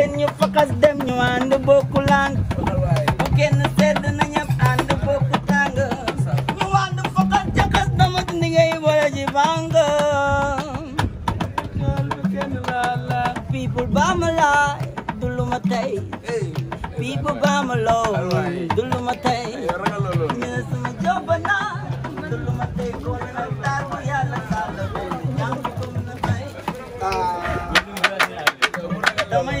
leen ñu faxas dem ñu ànd bokku laan bu kenn sedd na ñëpp ànd bokku tàng ñu ànd faxas jaxas dama di ngay wala ji bàng people ba ma laay du lu ma tey people ba ma loo du lu ma tey ñu sama jobba naa du lu ma tey kon na taar bu yàlla saala be ñaan ko na tey damay